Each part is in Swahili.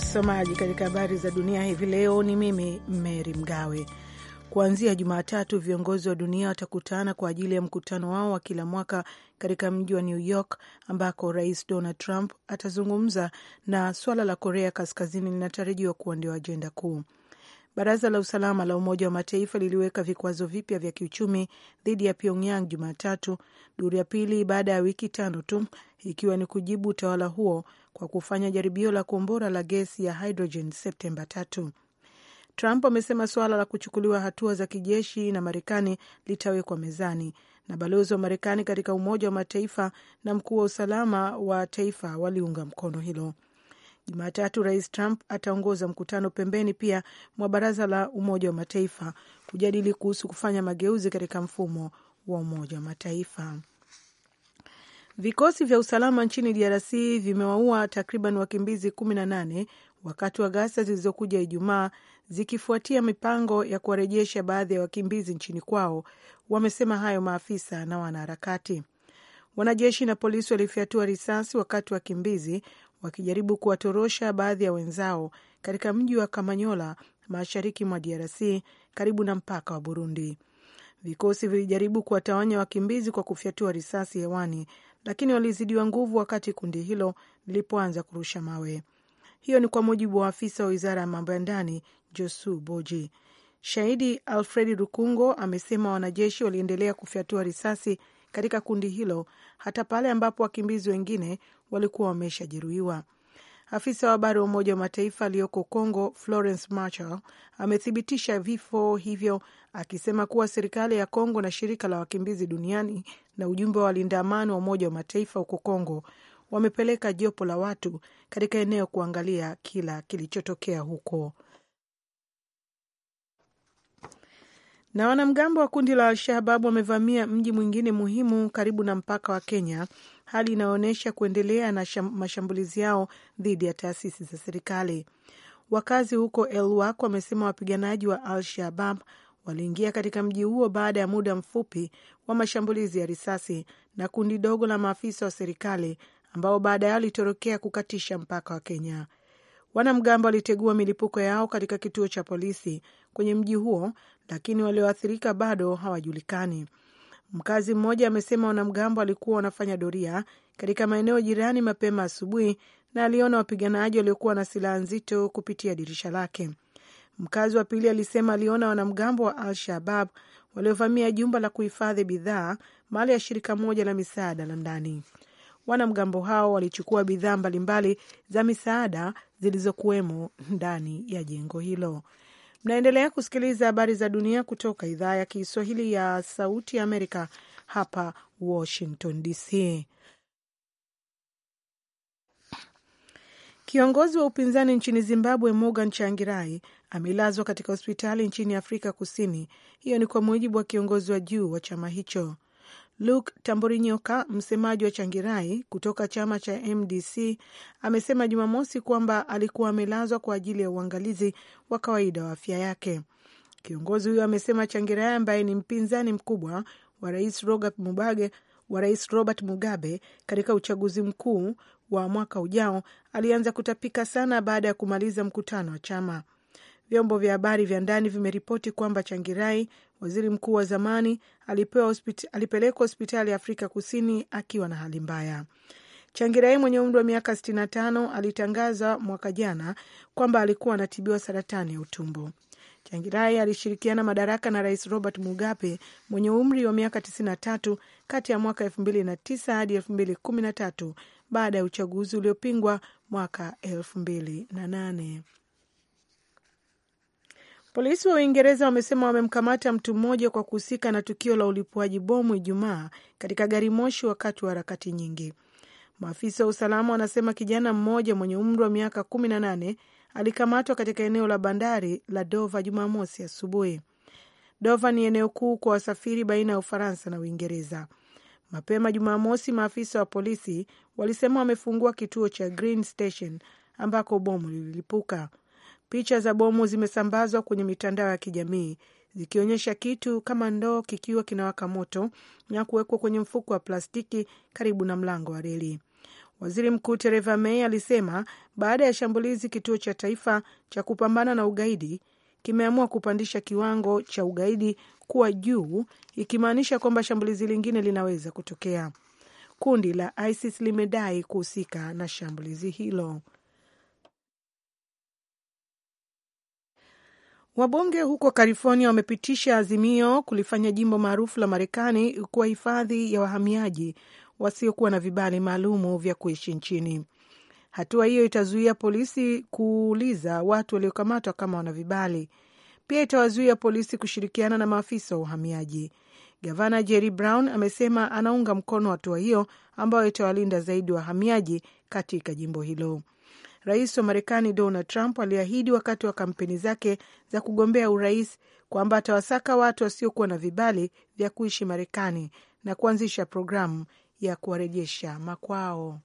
Msomaji katika habari za dunia hivi leo ni mimi mery Mgawe. Kuanzia Jumatatu, viongozi wa dunia watakutana kwa ajili ya mkutano wao wa kila mwaka katika mji wa New York ambako Rais Donald Trump atazungumza, na suala la Korea Kaskazini linatarajiwa kuwa ndio ajenda kuu. Baraza la usalama la Umoja wa Mataifa liliweka vikwazo vipya vya kiuchumi dhidi ya Pyongyang Jumatatu, duru ya pili baada ya wiki tano tu, ikiwa ni kujibu utawala huo kwa kufanya jaribio la kombora la gesi ya hydrogen Septemba tatu. Trump amesema suala la kuchukuliwa hatua za kijeshi na Marekani litawekwa mezani na balozi wa Marekani katika Umoja wa Mataifa na mkuu wa usalama wa taifa waliunga mkono hilo. Jumatatu Rais Trump ataongoza mkutano pembeni pia mwa baraza la Umoja wa Mataifa kujadili kuhusu kufanya mageuzi katika mfumo wa Umoja wa Mataifa. Vikosi vya usalama nchini DRC vimewaua takriban wakimbizi kumi na nane wakati wa ghasia zilizokuja Ijumaa zikifuatia mipango ya kuwarejesha baadhi ya wakimbizi nchini kwao. Wamesema hayo maafisa na wanaharakati. Wanajeshi na polisi walifyatua risasi wakati wakimbizi wakijaribu kuwatorosha baadhi ya wenzao katika mji wa Kamanyola mashariki mwa DRC karibu na mpaka wa Burundi. Vikosi vilijaribu kuwatawanya wakimbizi kwa kufyatua risasi hewani, lakini walizidiwa nguvu wakati kundi hilo lilipoanza kurusha mawe. Hiyo ni kwa mujibu wa afisa wa wizara ya mambo ya ndani Josu Boji. Shahidi Alfred Rukungo amesema wanajeshi waliendelea kufyatua risasi katika kundi hilo hata pale ambapo wakimbizi wengine walikuwa wameshajeruhiwa. Afisa wa habari wa Umoja wa Mataifa aliyoko Congo, Florence Marshal, amethibitisha vifo hivyo akisema kuwa serikali ya Congo na shirika la wakimbizi duniani na ujumbe wa walinda amani wa Umoja wa Mataifa huko Congo wamepeleka jopo la watu katika eneo kuangalia kila kilichotokea huko. Na wanamgambo wa kundi la al wamevamia mji mwingine muhimu karibu na mpaka wa Kenya hali inayoonyesha kuendelea na mashambulizi yao dhidi ya taasisi za serikali. Wakazi huko Elwak wamesema wapiganaji wa Al Shabab waliingia katika mji huo baada ya muda mfupi wa mashambulizi ya risasi na kundi dogo la maafisa wa serikali ambao baadaye walitorokea kukatisha mpaka wa Kenya. Wanamgambo walitegua milipuko yao katika kituo cha polisi kwenye mji huo, lakini walioathirika bado hawajulikani. Mkazi mmoja amesema wanamgambo alikuwa wanafanya doria katika maeneo jirani mapema asubuhi na aliona wapiganaji waliokuwa na silaha nzito kupitia dirisha lake. Mkazi wa pili alisema aliona wanamgambo wa Al Shabab waliovamia jumba la kuhifadhi bidhaa mali ya shirika moja la misaada la ndani. Wanamgambo hao walichukua bidhaa mbalimbali za misaada zilizokuwemo ndani ya jengo hilo. Mnaendelea kusikiliza habari za dunia kutoka idhaa ya Kiswahili ya Sauti ya Amerika hapa Washington DC. Kiongozi wa upinzani nchini Zimbabwe Morgan Changirai amelazwa katika hospitali nchini Afrika Kusini. Hiyo ni kwa mujibu wa kiongozi wa juu wa chama hicho. Luke Tamborinyoka, msemaji wa Changirai kutoka chama cha MDC, amesema Jumamosi kwamba alikuwa amelazwa kwa ajili ya uangalizi wa kawaida wa afya yake. Kiongozi huyo amesema Changirai ambaye ni mpinzani mkubwa wa rais Robert Mugabe, wa rais Robert Mugabe katika uchaguzi mkuu wa mwaka ujao alianza kutapika sana baada ya kumaliza mkutano wa chama. Vyombo vya habari vya ndani vimeripoti kwamba Changirai, waziri mkuu wa zamani, alipelekwa hospitali ya Afrika Kusini akiwa na hali mbaya. Changirai mwenye umri wa miaka 65 alitangaza mwaka jana kwamba alikuwa anatibiwa saratani ya utumbo. Changirai alishirikiana madaraka na Rais Robert Mugabe mwenye umri wa miaka 93 kati ya mwaka 2009 hadi 2013 baada ya uchaguzi uliopingwa mwaka 2008. Polisi wa Uingereza wamesema wamemkamata mtu mmoja kwa kuhusika na tukio la ulipuaji bomu Ijumaa katika gari moshi wakati wa harakati nyingi. Maafisa wa usalama wanasema kijana mmoja mwenye umri wa miaka kumi na nane alikamatwa katika eneo la bandari la Dova Jumamosi asubuhi. Dova ni eneo kuu kwa wasafiri baina ya Ufaransa na Uingereza. Mapema Jumamosi, maafisa wa polisi walisema wamefungua kituo cha Green Station ambako bomu lililipuka. Picha za bomu zimesambazwa kwenye mitandao ya kijamii zikionyesha kitu kama ndoo kikiwa kinawaka moto na kuwekwa kwenye mfuko wa plastiki karibu na mlango wa reli. Waziri Mkuu Theresa May alisema baada ya shambulizi, kituo cha taifa cha kupambana na ugaidi kimeamua kupandisha kiwango cha ugaidi kuwa juu, ikimaanisha kwamba shambulizi lingine linaweza kutokea. Kundi la ISIS limedai kuhusika na shambulizi hilo. Wabunge huko California wamepitisha azimio kulifanya jimbo maarufu la Marekani kuwa hifadhi ya wahamiaji wasiokuwa na vibali maalumu vya kuishi nchini. Hatua hiyo itazuia polisi kuuliza watu waliokamatwa kama wana vibali. Pia itawazuia polisi kushirikiana na maafisa wa uhamiaji. Gavana Jerry Brown amesema anaunga mkono hatua hiyo ambayo itawalinda zaidi wahamiaji katika jimbo hilo. Rais wa Marekani Donald Trump aliahidi wakati wa kampeni zake za kugombea urais kwamba atawasaka watu wasiokuwa na vibali vya kuishi Marekani na kuanzisha programu ya kuwarejesha makwao.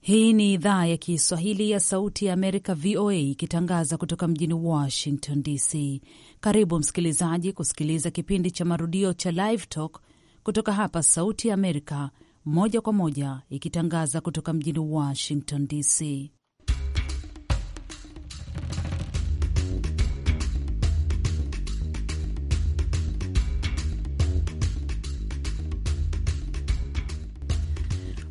Hii ni idhaa ya Kiswahili ya Sauti ya Amerika, VOA, ikitangaza kutoka mjini Washington DC. Karibu msikilizaji kusikiliza kipindi cha marudio cha Live Talk kutoka hapa Sauti ya Amerika, moja kwa moja ikitangaza kutoka mjini Washington DC.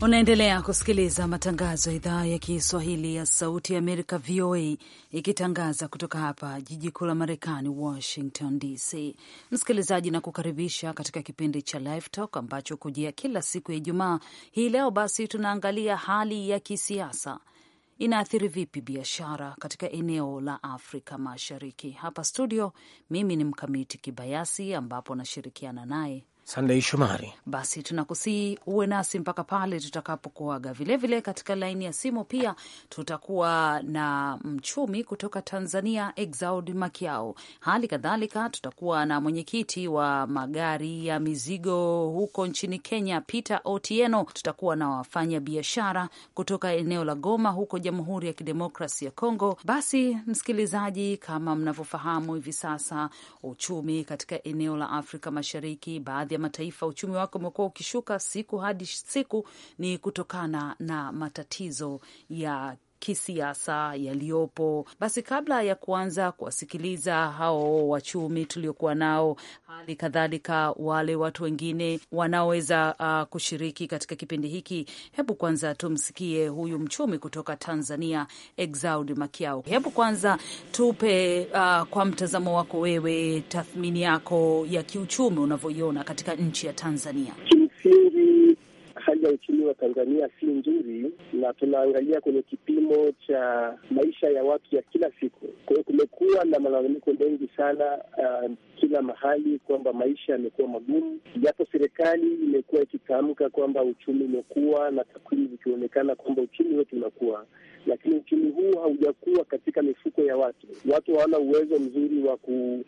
Unaendelea kusikiliza matangazo ya idhaa ya Kiswahili ya Sauti ya Amerika, VOA, ikitangaza kutoka hapa jiji kuu la Marekani, Washington DC. Msikilizaji na kukaribisha katika kipindi cha Live Talk ambacho kujia kila siku ya Ijumaa. Hii leo basi tunaangalia hali ya kisiasa inaathiri vipi biashara katika eneo la Afrika Mashariki. Hapa studio, mimi ni Mkamiti Kibayasi, ambapo nashirikiana naye Sandei Shomari. Basi tunakusii uwe nasi mpaka pale tutakapokuaga. Vilevile katika laini ya simu pia tutakuwa na mchumi kutoka Tanzania, Exaud Makiao. Hali kadhalika tutakuwa na mwenyekiti wa magari ya mizigo huko nchini Kenya, Peter Otieno. Tutakuwa na wafanya biashara kutoka eneo la Goma huko Jamhuri ya Kidemokrasi ya congo Basi msikilizaji, kama mnavyofahamu hivi sasa uchumi katika eneo la Afrika Mashariki, baadhi baadhi ya mataifa uchumi wake umekuwa ukishuka siku hadi siku, ni kutokana na matatizo ya kisiasa yaliyopo. Basi kabla ya kuanza kuwasikiliza hao wachumi tuliokuwa nao, hali kadhalika wale watu wengine wanaoweza uh, kushiriki katika kipindi hiki, hebu kwanza tumsikie huyu mchumi kutoka Tanzania Exaud Makiao. Hebu kwanza tupe uh, kwa mtazamo wako wewe tathmini yako ya kiuchumi unavyoiona katika nchi ya Tanzania kimsingi ya uchumi wa Tanzania si nzuri, na tunaangalia kwenye kipimo cha maisha ya watu ya kila siku. Kwa hiyo kumekuwa na malalamiko mengi sana uh, kila mahali kwamba maisha yamekuwa magumu, japo serikali imekuwa ikitamka kwamba uchumi umekuwa na takwimu zikionekana kwamba uchumi wetu unakuwa, lakini uchumi huu haujakuwa katika mifuko ya watu. Watu hawana uwezo mzuri wa ku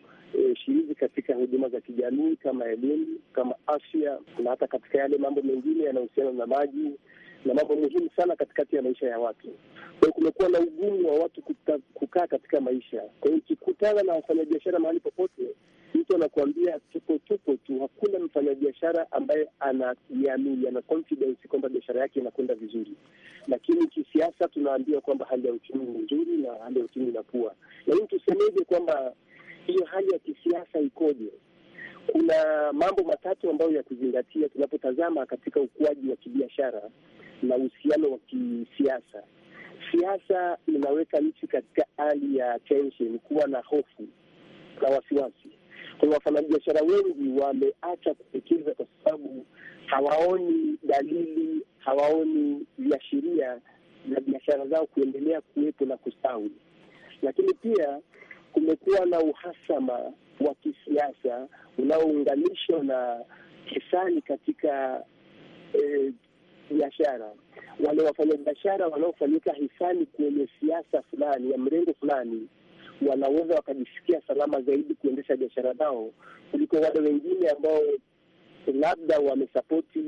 kushiriki katika huduma za kijamii kama elimu, kama afya na hata katika yale mambo mengine yanayohusiana na maji na mambo muhimu sana katikati ya maisha ya watu. Kwa hiyo kumekuwa na ugumu wa watu kuta, kukaa katika maisha. Kwa hiyo ukikutana na wafanyabiashara mahali popote, mtu anakuambia tupo tupo tu. Hakuna mfanyabiashara ambaye anajiamini, ana confidence kwamba biashara yake inakwenda vizuri, lakini kisiasa tunaambiwa kwamba hali ya uchumi ni nzuri na hali ya uchumi inakuwa. Lakini tusemeje kwamba hiyo hali ya kisiasa ikoje? Kuna mambo matatu ambayo ya kuzingatia tunapotazama katika ukuaji wa kibiashara na uhusiano wa kisiasa. Siasa inaweka nchi katika hali ya tension, kuwa na hofu na wasiwasi. kwaio wafanyabiashara wengi wameacha kuwekeza kwa sababu hawaoni dalili, hawaoni viashiria na biashara zao kuendelea kuwepo na kustawi. Lakini pia kumekuwa na uhasama wa kisiasa unaounganishwa na hisani katika e, biashara. Wale wafanyabiashara wanaofanyika hisani kwenye siasa fulani ya mrengo fulani wanaweza wakajisikia salama zaidi kuendesha biashara zao kuliko wale wengine ambao labda wamesapoti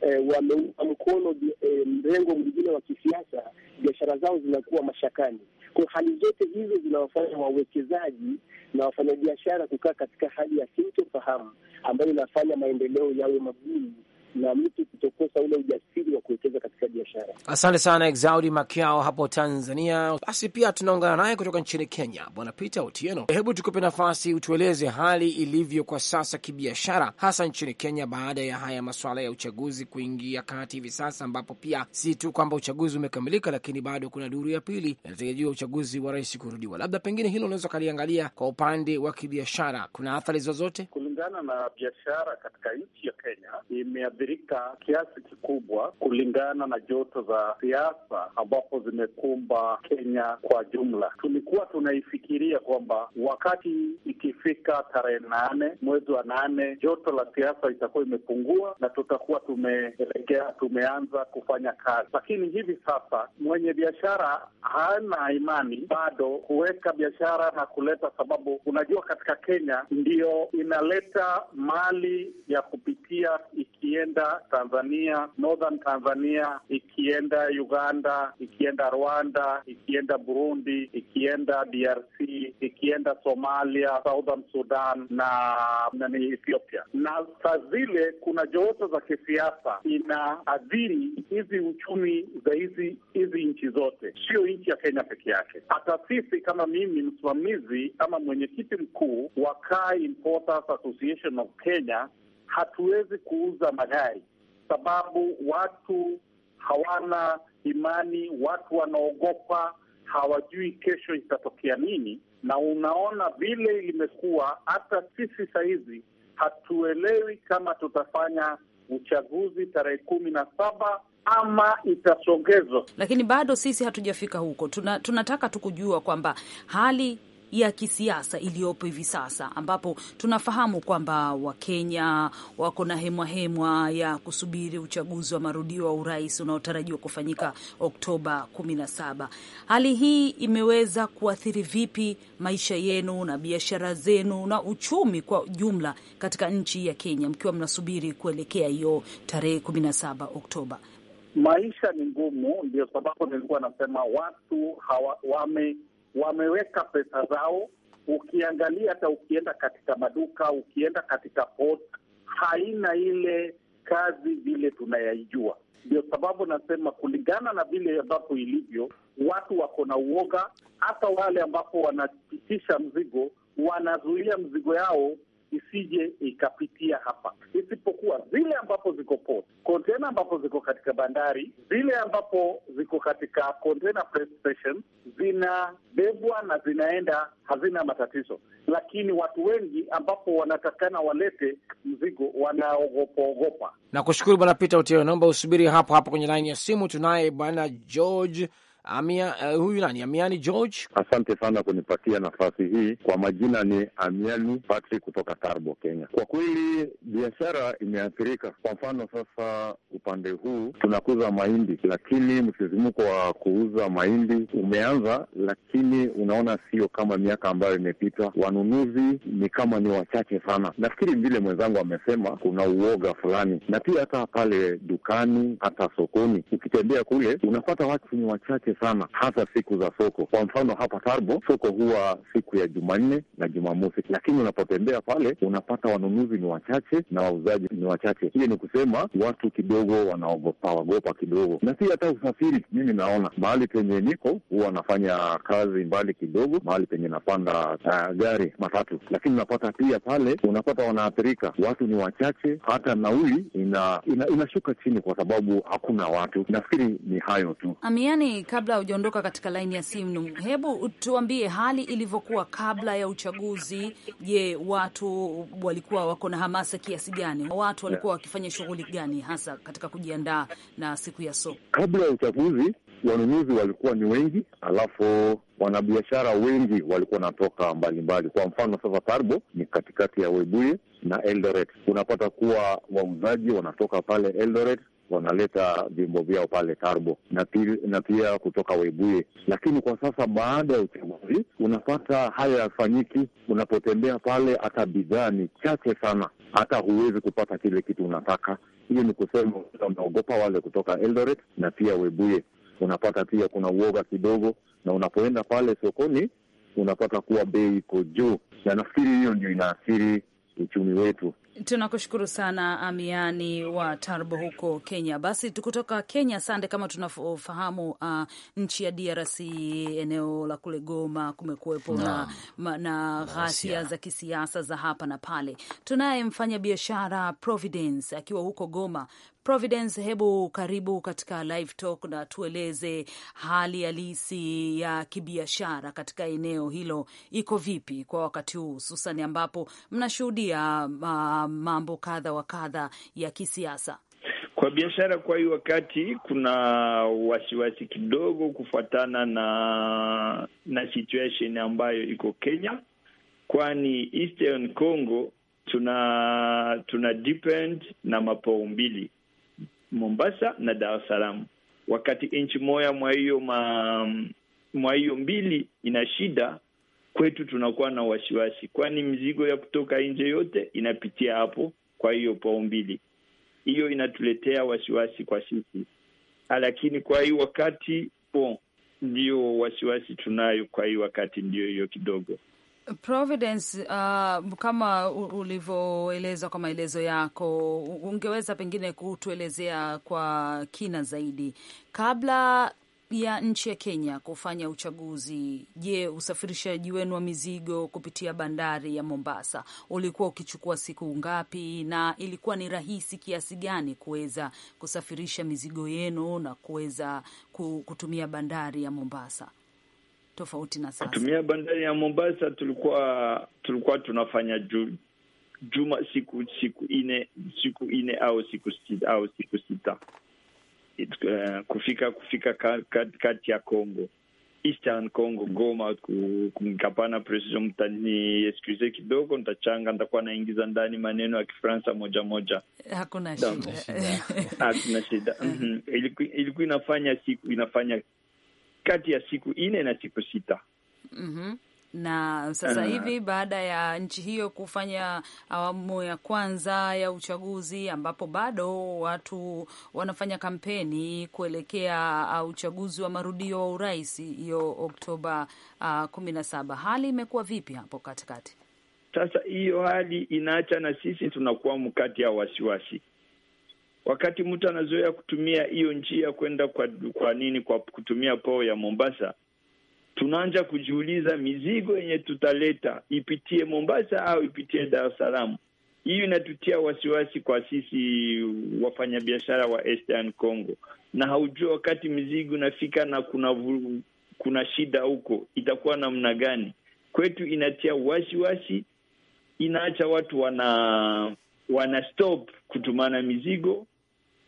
e, eh, wameunga mkono e, mrengo mwingine wa kisiasa, biashara zao zinakuwa mashakani. Kwa hali zote hizo zinawafanya wawekezaji na wafanyabiashara kukaa katika hali ya sintofahamu ambayo inafanya maendeleo yawe magumu na mtu kutokosa ule ujasiri wa kuwekeza katika biashara. Asante sana Exaudi Makiao hapo Tanzania. Basi pia tunaungana naye kutoka nchini Kenya, Bwana Peter Otieno. Hebu tukupe nafasi utueleze hali ilivyo kwa sasa kibiashara, hasa nchini Kenya baada ya haya masuala ya uchaguzi kuingia kati hivi sasa, ambapo pia si tu kwamba uchaguzi umekamilika, lakini bado kuna duru ya pili inatarajiwa uchaguzi wa rais kurudiwa. Labda pengine hilo unaweza ukaliangalia kwa upande wa kibiashara, kuna athari zozote kulingana na biashara katika nchi ya Kenya zimeathirika kiasi kikubwa kulingana na joto za siasa ambapo zimekumba Kenya kwa jumla. Tulikuwa tunaifikiria kwamba wakati ikifika tarehe nane mwezi wa nane joto la siasa itakuwa imepungua na tutakuwa tumeelekea tumeanza kufanya kazi, lakini hivi sasa mwenye biashara hana imani bado kuweka biashara na kuleta sababu, unajua katika Kenya ndiyo inaleta mali ya kupitia ikienda Tanzania, Northern Tanzania, ikienda Uganda, ikienda Rwanda, ikienda Burundi, ikienda DRC, ikienda Somalia, Southern Sudan na nani Ethiopia. Na saa zile kuna joto za kisiasa inaadhiri hizi uchumi za hizi hizi nchi zote, sio nchi ya Kenya peke yake. Hata sisi kama mimi msimamizi ama mwenyekiti mkuu wa Car Importers Association of Kenya hatuwezi kuuza magari, sababu watu hawana imani, watu wanaogopa, hawajui kesho itatokea nini. Na unaona vile limekuwa, hata sisi sahizi hatuelewi kama tutafanya uchaguzi tarehe kumi na saba ama itasongezwa, lakini bado sisi hatujafika huko. Tuna, tunataka tu kujua kwamba hali ya kisiasa iliyopo hivi sasa, ambapo tunafahamu kwamba Wakenya wako na hemwahemwa ya kusubiri uchaguzi wa marudio wa urais unaotarajiwa kufanyika Oktoba 17. Hali hii imeweza kuathiri vipi maisha yenu na biashara zenu na uchumi kwa jumla katika nchi ya Kenya, mkiwa mnasubiri kuelekea hiyo tarehe 17 Oktoba? Maisha ni ngumu, ndio sababu nilikuwa nasema watu hawa, wame wameweka pesa zao. Ukiangalia hata ukienda katika maduka, ukienda katika port, haina ile kazi vile tunayaijua. Ndio sababu nasema kulingana na vile ambapo ilivyo, watu wako na uoga, hata wale ambapo wanapitisha mzigo wanazuia mzigo yao isije ikapitia hapa, isipokuwa zile ambapo ziko port, kontena ambapo ziko katika bandari, zile ambapo ziko katika container press station zinabebwa na zinaenda, hazina matatizo. Lakini watu wengi ambapo wanatakana walete mzigo wanaogopaogopa. nakushukuru Bwana Peter Uteo, naomba usubiri hapo hapo kwenye laini ya simu. Tunaye Bwana George Amia, uh, huyu nani Amiani George, asante sana kunipatia nafasi hii. Kwa majina ni Amiani Patrick kutoka Tarbo, Kenya. Kwa kweli biashara imeathirika. Kwa mfano sasa, upande huu tunakuza mahindi, lakini msisimko wa kuuza mahindi umeanza, lakini unaona sio kama miaka ambayo imepita. Wanunuzi ni kama ni wachache sana. Nafikiri vile mwenzangu amesema, kuna uoga fulani, na pia hata pale dukani, hata sokoni, ukitembea kule unapata watu ni wachache sana, hasa siku za soko. Kwa mfano hapa Tarbo soko huwa siku ya Jumanne na Jumamosi, lakini unapotembea pale unapata wanunuzi ni wachache na wauzaji ni wachache. Hiyo ni kusema watu kidogo wanaogopa wagopa kidogo, na pia hata usafiri. Mimi naona mahali penye niko huwa nafanya kazi mbali kidogo, mahali penye napanda uh, gari matatu, lakini unapata pia pale unapata wanaathirika, watu ni wachache, hata nauli inashuka ina, ina chini kwa sababu hakuna watu. Nafikiri ni hayo tu Amiani, kab kabla hujaondoka katika laini ya simu, hebu tuambie hali ilivyokuwa kabla ya uchaguzi. Je, watu walikuwa wako na hamasa kiasi gani? Watu walikuwa wakifanya shughuli gani hasa katika kujiandaa na siku ya soko? Kabla ya uchaguzi, wanunuzi walikuwa ni wengi, alafu wanabiashara wengi walikuwa wanatoka mbalimbali. Kwa mfano sasa, Tarbo ni katikati ya Webuye na Eldoret, unapata kuwa wauzaji wanatoka pale Eldoret wanaleta vyombo vyao pale Karbo na pia, na pia kutoka Webuye. Lakini kwa sasa baada ya uchaguzi unapata haya yafanyiki. Unapotembea pale, hata bidhaa ni chache sana, hata huwezi kupata kile kitu unataka. Hiyo ni kusema unaogopa wale kutoka Eldoret na pia Webuye, unapata pia kuna uoga kidogo, na unapoenda pale sokoni unapata kuwa bei iko juu, na nafikiri hiyo ndio inaathiri uchumi wetu. Tunakushukuru sana Amiani wa Tarbo huko Kenya. Basi kutoka Kenya, Sande, kama tunafahamu uh, nchi ya DRC eneo la kule Goma kumekuwepo na, na, na ghasia za kisiasa za hapa na pale. Tunaye mfanya biashara Providence akiwa huko Goma. Providence, hebu karibu katika live talk na tueleze hali halisi ya kibiashara katika eneo hilo iko vipi kwa wakati huu, hususani ambapo mnashuhudia uh, mambo kadha wa kadha ya kisiasa kwa biashara. Kwa hii wakati kuna wasiwasi kidogo kufuatana na na situation ambayo iko Kenya, kwani Eastern Congo tuna tuna depend na mapao mbili Mombasa na Dar es Salaam. Wakati nchi moya mwa hiyo mwa hiyo mbili ina shida, kwetu tunakuwa na wasiwasi, kwani mzigo ya kutoka nje yote inapitia hapo. Kwa hiyo pao mbili hiyo inatuletea wasiwasi kwa sisi, lakini kwa hii wakati po ndio wasiwasi tunayo, kwa hii wakati ndio hiyo kidogo. Providence, uh, kama ulivyoeleza kwa maelezo yako, ungeweza pengine kutuelezea kwa kina zaidi kabla ya nchi ya Kenya kufanya uchaguzi. Je, usafirishaji wenu wa mizigo kupitia bandari ya Mombasa ulikuwa ukichukua siku ngapi, na ilikuwa ni rahisi kiasi gani kuweza kusafirisha mizigo yenu na kuweza kutumia bandari ya Mombasa? tofauti na sasa? Kutumia bandari ya Mombasa tulikuwa tulikuwa tunafanya juu juma siku siku ine siku ine au siku sita, au siku sita It, uh, kufika kufika kati kat ya Congo Eastern Congo Goma, nikapana precision mtani excuse kidogo, nitachanga nitakuwa naingiza ndani maneno ya Kifaransa moja moja, hakuna shida, hakuna shida. Mhm. Ilikuwa inafanya siku inafanya kati ya siku nne na siku sita. mm -hmm. Na sasa uh, hivi baada ya nchi hiyo kufanya awamu ya kwanza ya uchaguzi ambapo bado watu wanafanya kampeni kuelekea uh, uchaguzi wa marudio wa urais hiyo Oktoba ah, kumi na saba, hali imekuwa vipi hapo katikati? Sasa hiyo hali inaacha na sisi tunakuwa mkati ya wasiwasi Wakati mtu anazoea kutumia hiyo njia kwenda kwa, kwa nini kwa kutumia poo ya Mombasa, tunaanza kujiuliza mizigo yenye tutaleta ipitie Mombasa au ipitie Dar es Salaam. Hiyo inatutia wasiwasi kwa sisi wafanyabiashara wa Eastern Congo, na haujua wakati mizigo inafika na kuna kuna shida huko itakuwa namna gani kwetu. Inatia wasiwasi wasi, inaacha watu wana wana stop kutumana mizigo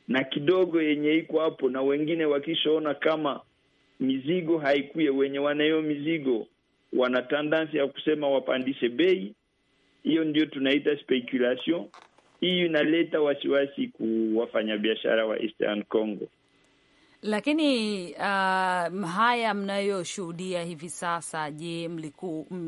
na kidogo yenye iko hapo, na wengine wakishaona kama mizigo haikuye, wenye wanayo mizigo wana tendansi ya kusema wapandishe bei. Hiyo ndio tunaita speculation. Hii inaleta wasiwasi kuwafanya biashara wa Eastern Congo. Lakini uh, haya mnayoshuhudia hivi sasa, je,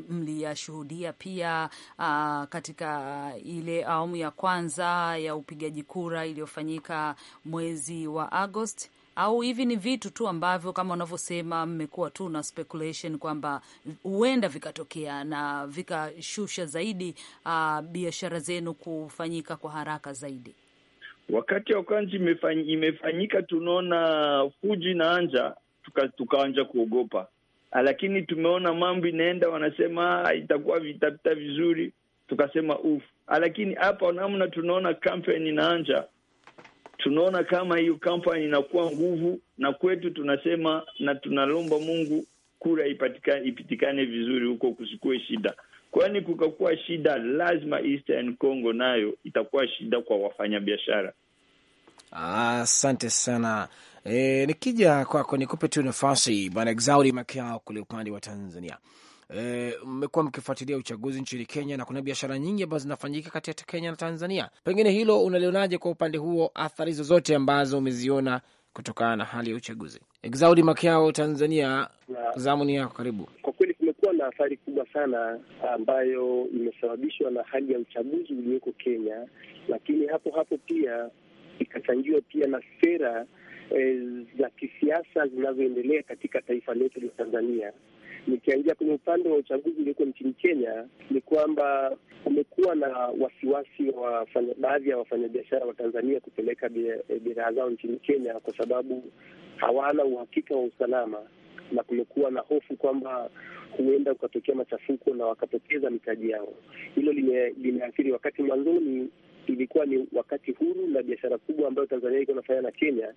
mliyashuhudia pia uh, katika ile awamu ya kwanza ya upigaji kura iliyofanyika mwezi wa Agosti au hivi ni vitu tu ambavyo kama unavyosema mmekuwa tu na speculation kwamba huenda vikatokea na vikashusha zaidi uh, biashara zenu kufanyika kwa haraka zaidi? Wakati ya kanji imefanyika, tunaona fuji na anja, tukaanja tuka kuogopa, ah, lakini tumeona mambo inaenda, wanasema ah, itakuwa vitapita vizuri, tukasema uf. Ah, lakini hapa namna tunaona kampeni inaanja, tunaona kama hiyo kampeni inakuwa nguvu, na kwetu tunasema na tunalomba Mungu kura ipatika, ipitikane vizuri huko, kusikue shida kwani kukakuwa shida, lazima Eastern Congo nayo itakuwa shida kwa wafanyabiashara. Asante ah, sana. E, nikija kwako nikupe tu nafasi bwana Exaudi Makao kule upande wa Tanzania. Eh, mmekuwa mkifuatilia uchaguzi nchini Kenya na kuna biashara nyingi ambazo zinafanyika kati ya Kenya na Tanzania, pengine hilo unalionaje kwa upande huo, athari zozote ambazo umeziona kutokana na hali ya uchaguzi? Exaudi Makao, Tanzania, zamu ni yako, karibu. Kwa kweli kumekuwa na athari kubwa sana ambayo imesababishwa na hali ya uchaguzi ulioko Kenya, lakini hapo hapo pia ikachangiwa pia na sera e, za kisiasa zinazoendelea katika taifa letu la Tanzania. Nikiangia kwenye upande wa uchaguzi ulioko nchini Kenya, ni kwamba kumekuwa na wasiwasi wa baadhi ya wafanyabiashara wa Tanzania kupeleka eh, bidhaa zao nchini Kenya kwa sababu hawana uhakika wa usalama, na kumekuwa na hofu kwamba huenda ukatokea machafuko na wakapoteza mitaji yao. Hilo limeathiri, wakati mwanzoni ilikuwa ni wakati huru, na biashara kubwa ambayo Tanzania ilikuwa inafanya na Kenya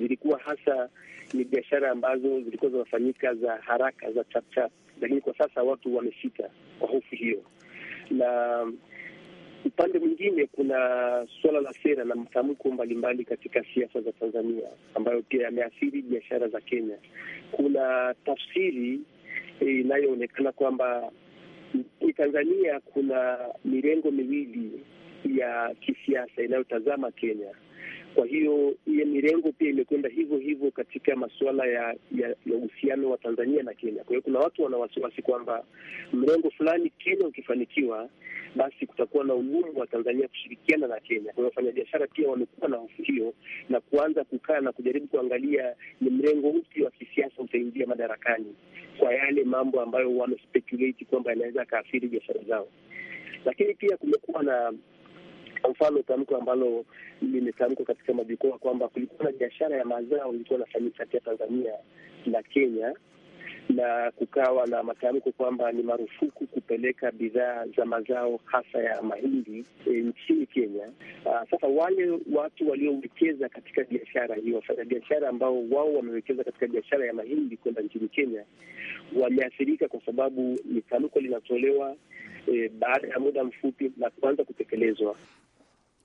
zilikuwa hasa ni biashara ambazo zilikuwa zinafanyika za haraka za chapchap, lakini kwa sasa watu wamesita kwa hofu hiyo. Na upande mwingine, kuna suala la sera na matamko mbalimbali katika siasa za Tanzania ambayo pia yameathiri biashara za Kenya. Kuna tafsiri e, inayoonekana kwamba ni e, Tanzania kuna mirengo miwili ya kisiasa inayotazama Kenya. Kwa hiyo ile mirengo pia imekwenda hivyo hivyo katika masuala ya ya uhusiano wa Tanzania na Kenya. Kwa hiyo kuna watu wana wasiwasi kwamba mrengo fulani Kenya ukifanikiwa, basi kutakuwa na ugumu wa Tanzania kushirikiana na Kenya. Kwa hiyo wafanyabiashara pia wamekuwa na hofu hiyo na kuanza kukaa na kujaribu kuangalia ni mrengo upi wa kisiasa utaingia madarakani kwa yale mambo ambayo wanaspekulate kwamba yanaweza akaathiri biashara zao, lakini pia kumekuwa na kwa mfano, tamko ambalo limetamkwa katika majukwaa kwamba kulikuwa na biashara ya mazao ilikuwa inafanyika kati ya Tanzania na Kenya, na kukawa na matamko kwamba ni marufuku kupeleka bidhaa za mazao hasa ya mahindi e, nchini Kenya. Aa, sasa wale watu waliowekeza katika biashara hiyo, wafanyabiashara ambao wao wamewekeza katika biashara ya mahindi kwenda nchini Kenya wameathirika kwa sababu ni tamko linatolewa e, baada ya muda mfupi na kuanza kutekelezwa.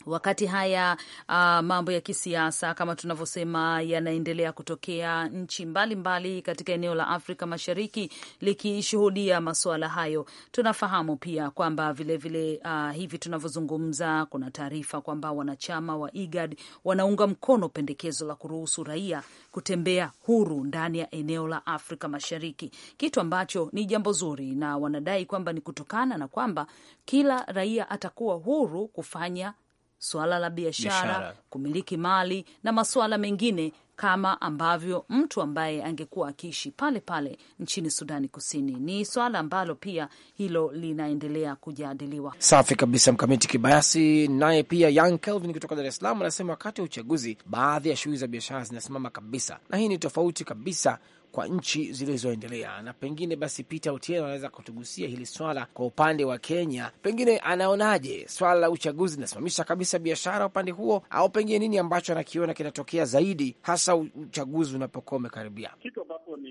Wakati haya uh, mambo ya kisiasa kama tunavyosema yanaendelea kutokea nchi mbalimbali mbali katika eneo la Afrika Mashariki likishuhudia masuala hayo. Tunafahamu pia kwamba vilevile uh, ah, hivi tunavyozungumza kuna taarifa kwamba wanachama wa IGAD wanaunga mkono pendekezo la kuruhusu raia kutembea huru ndani ya eneo la Afrika Mashariki, kitu ambacho ni jambo zuri, na wanadai kwamba ni kutokana na kwamba kila raia atakuwa huru kufanya suala la biashara, kumiliki mali na masuala mengine kama ambavyo mtu ambaye angekuwa akiishi pale pale nchini Sudani Kusini. Ni swala ambalo pia hilo linaendelea kujadiliwa. Safi kabisa, Mkamiti Kibayasi. Naye pia Young Kelvin kutoka Dar es Salaam anasema wakati wa uchaguzi, baadhi ya shughuli za biashara zinasimama kabisa, na hii ni tofauti kabisa kwa nchi zilizoendelea. Na pengine basi Peter Otieno anaweza kutugusia hili swala kwa upande wa Kenya, pengine anaonaje swala la uchaguzi, linasimamisha kabisa biashara upande huo, au pengine nini ambacho anakiona kinatokea zaidi, hasa uchaguzi unapokuwa umekaribia?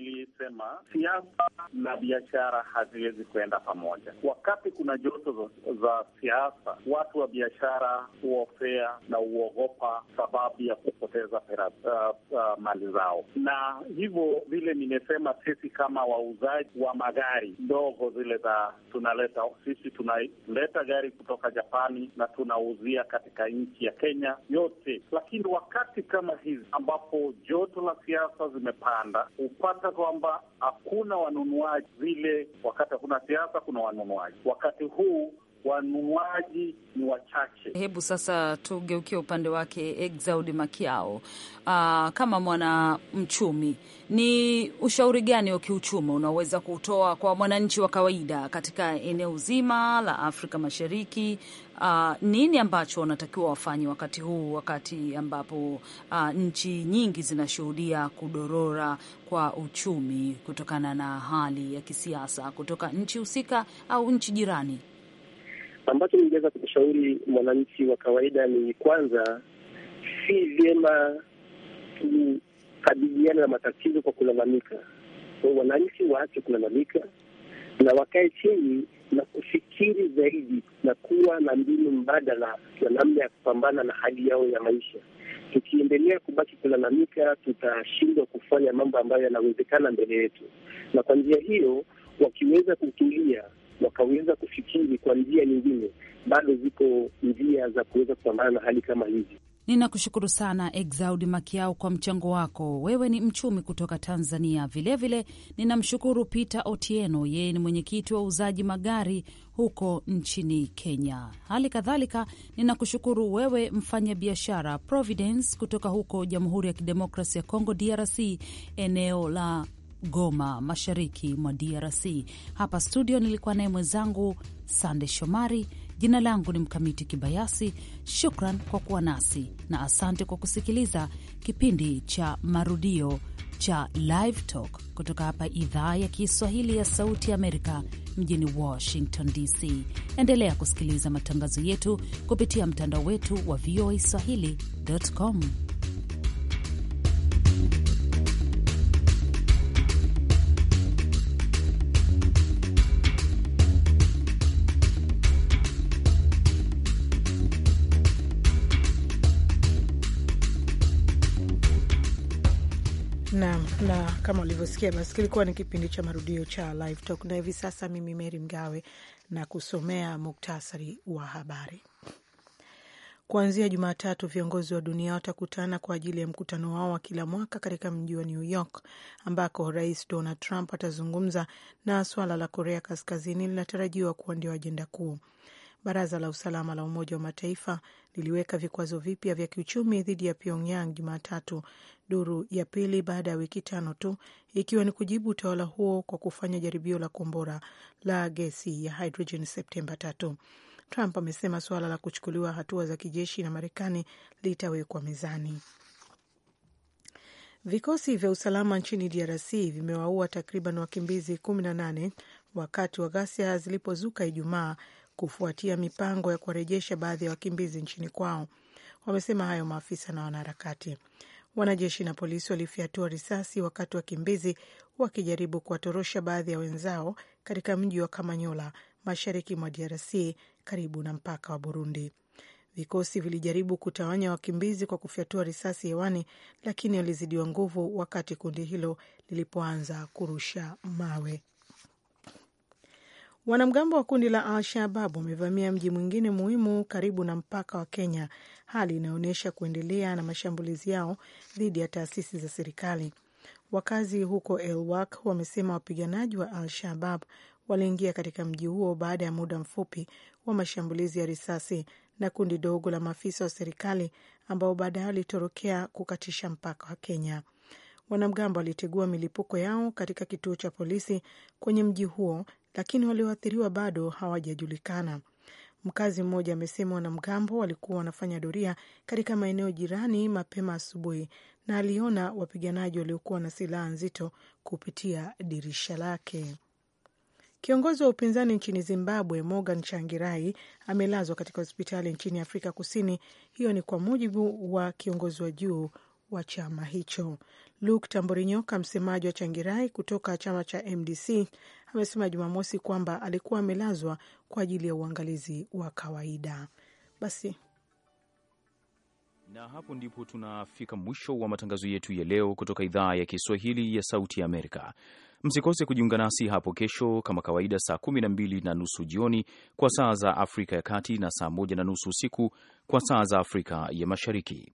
nilisema siasa na biashara haziwezi kuenda pamoja. Wakati kuna joto za siasa, watu wa biashara huofea na huogopa sababu ya kupoteza pera, uh, uh, mali zao, na hivyo vile nimesema, sisi kama wauzaji wa magari ndogo zile za tunaleta, sisi tunaleta gari kutoka Japani na tunauzia katika nchi ya Kenya yote, lakini wakati kama hizi ambapo joto la siasa zimepanda, hupata kwamba hakuna wanunuaji vile. Wakati hakuna siasa, kuna wanunuaji. Wakati huu wanunuaji ni wachache. Hebu sasa tugeukie upande wake Exaudi Makiao. Aa, ah, kama mwana mchumi, ni ushauri gani wa kiuchumi unaweza kutoa kwa mwananchi wa kawaida katika eneo zima la Afrika Mashariki uh, nini ambacho wanatakiwa wafanye wakati huu, wakati ambapo uh, nchi nyingi zinashuhudia kudorora kwa uchumi kutokana na hali ya kisiasa kutoka nchi husika au nchi jirani? Ambacho ningeweza kumshauri mwananchi wa kawaida ni kwanza, si vyema kukabiliana na matatizo kwa kulalamika. Wananchi waache kulalamika na wakae chini na kufikiri zaidi na kuwa na mbinu mbadala na namna ya kupambana na hali yao ya maisha. Tukiendelea kubaki kulalamika, tutashindwa kufanya mambo ambayo yanawezekana mbele yetu, na kwa njia hiyo wakiweza kutulia wakaweza kufikiri kwa njia nyingine, bado ziko njia za kuweza kupambana na hali kama hizi. Ninakushukuru sana Exaudi Makiao kwa mchango wako. Wewe ni mchumi kutoka Tanzania. Vilevile ninamshukuru Peter Otieno, yeye ni mwenyekiti wa uuzaji magari huko nchini Kenya. Hali kadhalika ninakushukuru wewe mfanyabiashara Providence kutoka huko Jamhuri ya Kidemokrasi ya congo DRC, eneo la Goma, mashariki mwa DRC. Hapa studio nilikuwa naye mwenzangu Sande Shomari. Jina langu ni Mkamiti Kibayasi. Shukran kwa kuwa nasi na asante kwa kusikiliza kipindi cha marudio cha Live Talk kutoka hapa idhaa ya Kiswahili ya Sauti Amerika mjini Washington DC. Endelea kusikiliza matangazo yetu kupitia mtandao wetu wa voa swahilicom na kama ulivyosikia basi, kilikuwa ni kipindi cha marudio cha Live Talk, na hivi sasa mimi Meri Mgawe na kusomea muktasari wa habari. Kuanzia Jumatatu, viongozi wa dunia watakutana kwa ajili ya mkutano wao wa kila mwaka katika mji wa New York ambako Rais Donald Trump atazungumza, na swala la Korea Kaskazini linatarajiwa kuwa ndio ajenda kuu. Baraza la usalama la Umoja wa Mataifa liliweka vikwazo vipya vya kiuchumi dhidi ya Pyongyang Jumatatu, duru ya pili baada ya wiki tano tu, ikiwa ni kujibu utawala huo kwa kufanya jaribio la kombora la gesi ya hydrogen Septemba tatu. Trump amesema suala la kuchukuliwa hatua za kijeshi na Marekani litawekwa mezani. Vikosi vya usalama nchini DRC vimewaua takriban wakimbizi 18 wakati wa ghasia zilipozuka Ijumaa kufuatia mipango ya kuwarejesha baadhi ya wakimbizi nchini kwao. Wamesema hayo maafisa na wanaharakati. Wanajeshi na polisi walifyatua risasi wakati wakimbizi wakijaribu kuwatorosha baadhi ya wenzao katika mji wa Kamanyola, mashariki mwa DRC, karibu na mpaka wa Burundi. Vikosi vilijaribu kutawanya wakimbizi kwa kufyatua risasi hewani, lakini walizidiwa nguvu wakati kundi hilo lilipoanza kurusha mawe. Wanamgambo wa kundi la Al-Shabab wamevamia mji mwingine muhimu karibu na mpaka wa Kenya, hali inaonyesha kuendelea na mashambulizi yao dhidi ya taasisi za serikali. Wakazi huko Elwak wamesema wapiganaji wa Al-Shabab waliingia katika mji huo baada ya muda mfupi wa mashambulizi ya risasi na kundi dogo la maafisa wa serikali ambao baadaye walitorokea kukatisha mpaka wa Kenya. Wanamgambo walitegua milipuko yao katika kituo cha polisi kwenye mji huo lakini walioathiriwa bado hawajajulikana. Mkazi mmoja amesema wanamgambo walikuwa wanafanya doria katika maeneo jirani mapema asubuhi, na aliona wapiganaji waliokuwa na silaha nzito kupitia dirisha lake. Kiongozi wa upinzani nchini Zimbabwe Morgan Changirai amelazwa katika hospitali nchini Afrika Kusini. Hiyo ni kwa mujibu wa kiongozi wa juu wa chama hicho. Luke Tamborinyoka, msemaji wa Changirai kutoka chama cha MDC, amesema Jumamosi kwamba alikuwa amelazwa kwa ajili ya uangalizi wa kawaida. Basi na hapo ndipo tunafika mwisho wa matangazo yetu ya leo kutoka idhaa ya Kiswahili ya Sauti ya Amerika. Msikose kujiunga nasi hapo kesho kama kawaida, saa 12 na nusu jioni kwa saa za Afrika ya Kati na saa moja na nusu usiku kwa saa za Afrika ya Mashariki.